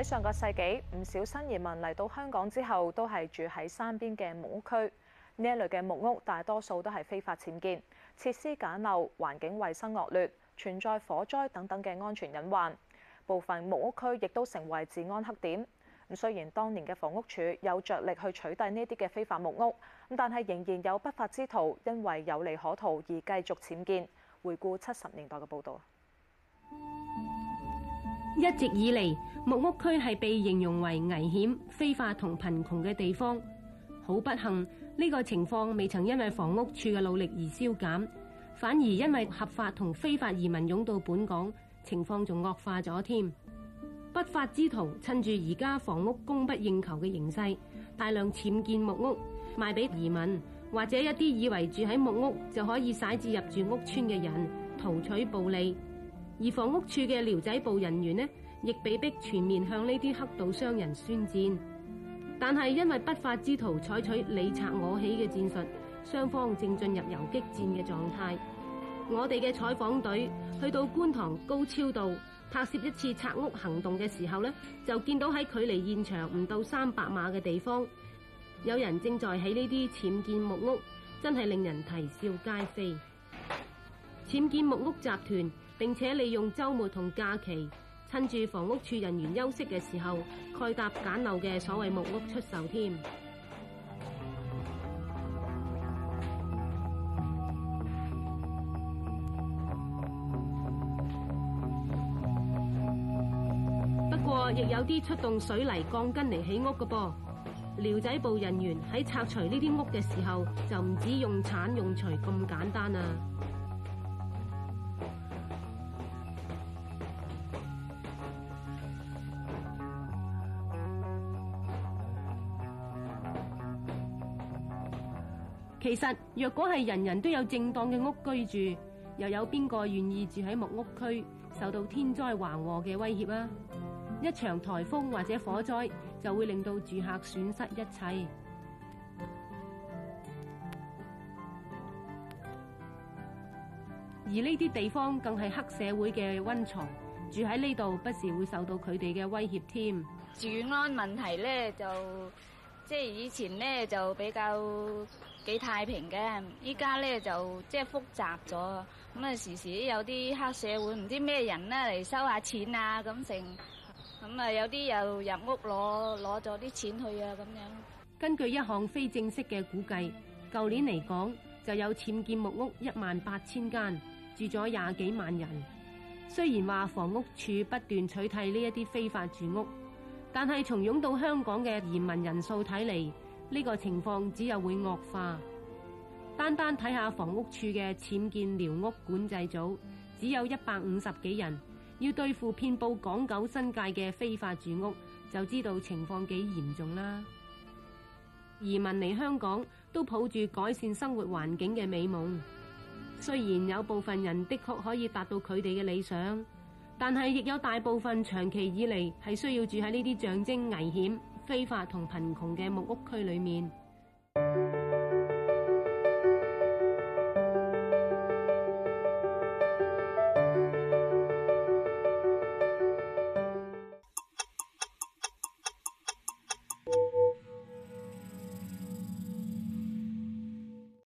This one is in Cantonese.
喺上個世紀，唔少新移民嚟到香港之後，都係住喺山邊嘅木屋區。呢一類嘅木屋大多數都係非法僭建，設施簡陋，環境衛生惡劣，存在火災等等嘅安全隱患。部分木屋區亦都成為治安黑點。咁雖然當年嘅房屋署有着力去取締呢啲嘅非法木屋，但係仍然有不法之徒因為有利可圖而繼續僭建。回顧七十年代嘅報導。一直以嚟，木屋區係被形容為危險、非法同貧窮嘅地方。好不幸，呢、這個情況未曾因為房屋署嘅努力而消減，反而因為合法同非法移民湧到本港，情況仲惡化咗添。不法之徒趁住而家房屋供不應求嘅形勢，大量僭建木屋，賣俾移民或者一啲以為住喺木屋就可以駛住入住屋邨嘅人，圖取暴利。而房屋署嘅寮仔部人員呢，亦被逼全面向呢啲黑道商人宣戰。但係因為不法之徒採取你拆我起嘅戰術，雙方正進入遊擊戰嘅狀態。我哋嘅採訪隊去到觀塘高超道拍攝一次拆屋行動嘅時候呢，就見到喺距離現場唔到三百碼嘅地方，有人正在起呢啲僭建木屋，真係令人啼笑皆非。僭建木屋集團，並且利用週末同假期，趁住房屋署人員休息嘅時候，蓋搭簡陋嘅所謂木屋出售添。 不過，亦有啲出動水泥鋼筋嚟起屋㗎噃。寮仔部人員喺拆除呢啲屋嘅時候，就唔止用鏟用錘咁簡單呀。其實，若果係人人都有正當嘅屋居住，又有邊個願意住喺木屋區，受到天災橫禍嘅威脅啊？一場颱風或者火災就會令到住客損失一切，而呢啲地方更係黑社會嘅溫床，住喺呢度不時會受到佢哋嘅威脅添。住安問題咧就。即係以前咧就比較幾太平嘅，依家咧就即係複雜咗，咁啊時時有啲黑社會唔知咩人啦嚟收下錢啊咁成，咁啊有啲又入屋攞攞咗啲錢去啊咁樣。根據一項非正式嘅估計，舊年嚟講就有僭建木屋一萬八千間，住咗廿幾萬人。雖然話房屋署不斷取締呢一啲非法住屋。但係從湧到香港嘅移民人數睇嚟，呢個情況只有會惡化。單單睇下房屋署嘅僭建寮屋管制組，只有一百五十幾人，要對付遍布港九新界嘅非法住屋，就知道情況幾嚴重啦。移民嚟香港都抱住改善生活環境嘅美夢，雖然有部分人的確可以達到佢哋嘅理想。但係，亦有大部分長期以來係需要住喺呢啲象徵危險、非法同貧窮嘅木屋區裏面。